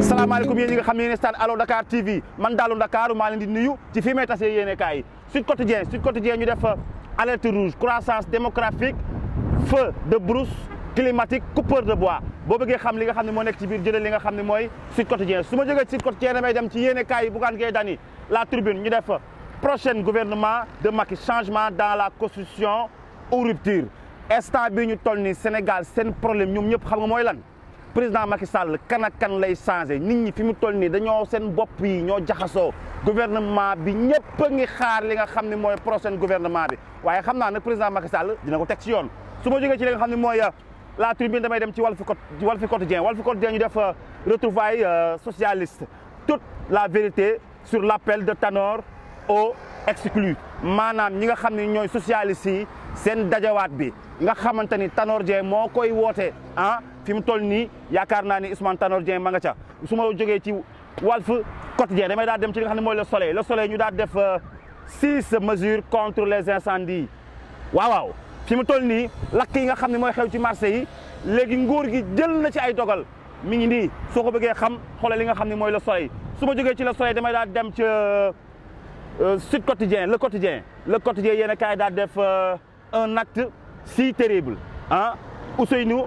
Salam yéen ñi nga xam ne Allo Dakar TV man dalu Dakar ma leen di nuyu ci fi may tassé yéene kaay Sud Quotidien Sud Quotidien ñu def euh, alerte rouge croissance démographique feu de brousse climatique coupeur de bois bo bëggee xam li nga xamné mo nek ci biir jëlal li nga xamné moy mooy Sud Quotidien suma ma jógee Sud Quotidien damay dem ci yéene kaay yi Bougane la tribune ñu def euh, prochain gouvernement de Macky changement dans la constitution ou rupture instant bi ñu toll ni Sénégal sen problème ñom ñëpp xam nga moy lan président Macky Sall kan ak kan lay changer nit ñi fi mu toll ni dañoo seen bop yi ñoo jaxaso gouvernement bi ñepp ngi xaar li nga xamni moy mooy prochain gouvernement bi waye xamna nak président Macky Sall dina ko tek ci yoon suma ma ci li nga xamni moy euh, la tribune damay dem ci Walf Walf Quotidien Walf Quotidien ñu def euh, retrouvaille euh, socialiste toute la vérité sur l'appel de Tanor au exclu Manam ñi nga xamni ñoy socialiste yi seen dajawat bi nga xamante Tanor Dieng mo koy woté hein ah, fi mu toll nii ni Ousmane Tanor Dieng ma nga ca suma ma ci Walf Quotidien damay da dem ci nga le soleil le soleil ñu da def 6 euh, mesures contre les incendies waaw waaw toll yi nga xamni moy xew ci marché yi ngor gi na ci ay dogal mi ngi xam li nga le soleil le soleil damay da dem euh, euh, Sud Quotidien le Quotidien le Quotidien a un acte si terrible hein ah, nous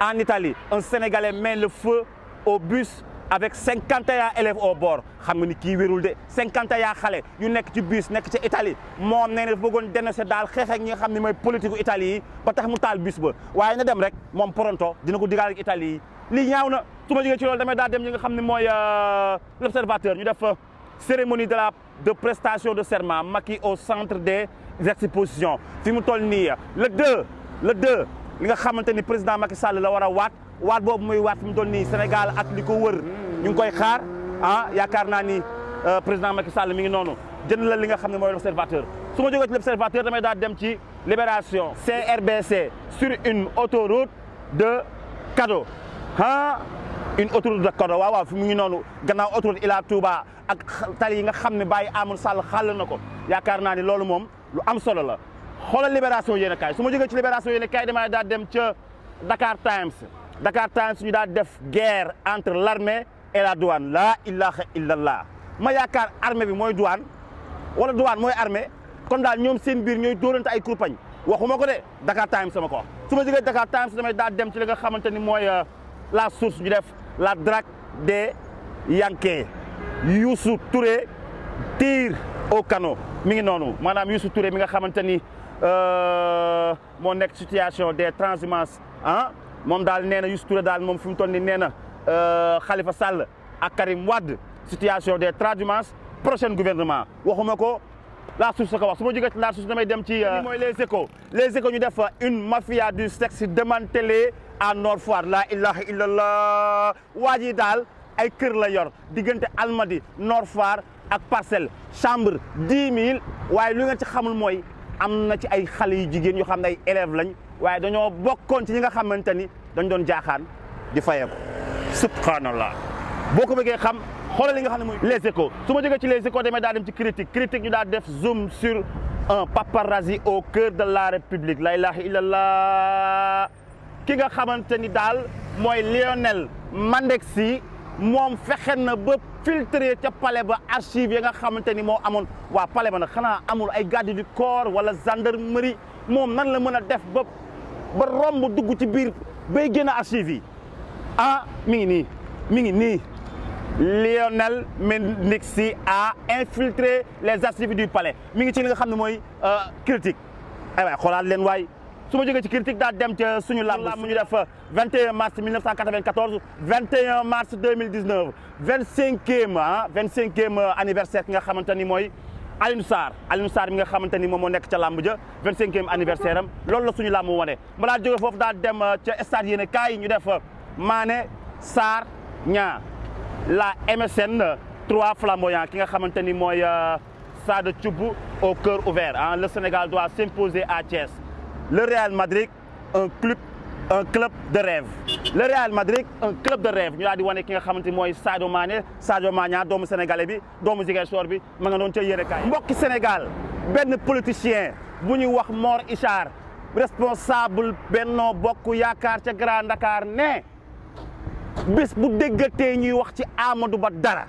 en Italie, un Sénégalais met le feu au bus avec 51 élèves au bord Xamni ki ni kii wérul de 51 xale yu nek ci bus nek ci Italie Mom nee na dafa bëggoon dénoncé daal xeex ak ñi nga xam ne politique Italie yi ba tax mu tal bus ba Waye na dem rek mom Pronto dina ko digaal ak Italie Li ñaawna ñaaw na ma jógee ci lool damay da dem ñi nga xamni moy euh, l'observateur ñu def euh, cérémonie de la de prestation de serment Macky au centre des expositions fi mu toll ni le 2 le 2 li nga xamante ni président Macky Sall la war a waat waat boobu muy waat mu doon nii Sénégal ak li ko wër ñu ngi koy xaar ah yaakaar naa ni euh, président Macky Sall mi ngi noonu jënd la li nga xam ne mooy l'observateur su ma jógee ci l'observateur damay daal dem ci Libération CRBC sur une autoroute de cadeau ah une autoroute de cadeau waaw waaw fi mu ngi noonu gannaaw autoroute illaa Touba ak tali yi nga xam ne bàyyi amul Sall xàll na ko yaakaar naa ni loolu moom lu am solo la xoolal libération yéen a kaay su ma jógee ci libération dem ca Dakar Times Dakar Times ñu daal def guerre entre l' armée et la douane la ilaha illallah ma yaakaar armée bi mooy douane wala douane mooy armée kon daal ñoom seen biir ñooy dóorante ay kurpañ waxuma ko de Dakar Times sama ko wax su ma jógee Dakar Times damay daal dem ci li nga xamante ni mooy euh, la source ñu def la drague des Yankees Youssou Touré tir au canon mi ngi noonu maanaam Youssou Touré mi nga xamante ni. Euh, mon ex situation des transhumances ah mom dal nena na Youssou Touré dal moom fi mu nena euh Khalifa Sall ak Karim Wade situation des transhumance prochain gouvernement waxuma ko la source ko wax suma ma ci la source damay dem ci. Euh, mooy les échos les échos ñu def une mafia du sexe démantelée à Nord Foire la ilaha illallah waji dal ay kër la yor diggante Almadi Nord Foire ak parcelle chambre 10000 mille lu ngeen ci xamul moy amna ci ay xalé yu jigéen yu xamné ay élèves lañ waye dañoo bokkon ci ñi nga xamante dañ doon jaaxaan di fayeeku subhanallah boko ko xam xoolal li nga xam moy les échos suma jëgé ci les échos demee daa dem ci critique critique ñu daal def zoom sur un paparazzi au cœur de la république la ilaha illallah ki nga xamanteni ni daal mooy Lionel Mandexi mom fexé na ba filtré ca palais ba archive ya nga xamanteni mo amone wa palais ba nag xanaa amul ay garde du corps wala gendarmerie mom nan la meuna def ba ba romb dugg ci bir bay génn archive yi ah mi ngi nii mi ngi nii Lionel Mendici a infiltré les archives du palais mi ngi ci li nga xamne moy euh, critique ay way xolaat len way suma vous ci critique dem suñu 21 mars 1994 21 mars 2019 25e 25e anniversaire nga mi nga ja 25e anniversaire am loolu la suñu lamb woné mala joge fofu da dem ah, ci stade ah, la MSN 3 ah, nga au cœur ouvert le Sénégal doit s'imposer à Thiès le Real Madrid un club un club de rêve le Real Madrid un club de rêve ñu la di wane ki nga xamanteni Sadio Mané Sadio Mané doomu sénégalais bi doomu sor bi ma nga don yéré kay mbokk Sénégal benn politicien bu ñu wax mort, Ichar responsable Benno bokku Yaakaar ci Grand Dakar ne bés bu déggatee ñuy wax ci Amadou Ba dara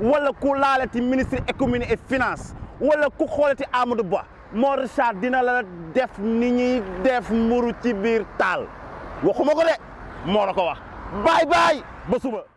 wala ku laalati ministre économie et finance wala ku xolati Amadou Ba Mor Sarr dina la def ni ñuy def mburu ci biir taal waxuma ko de moo la ko wax baay baay ba suba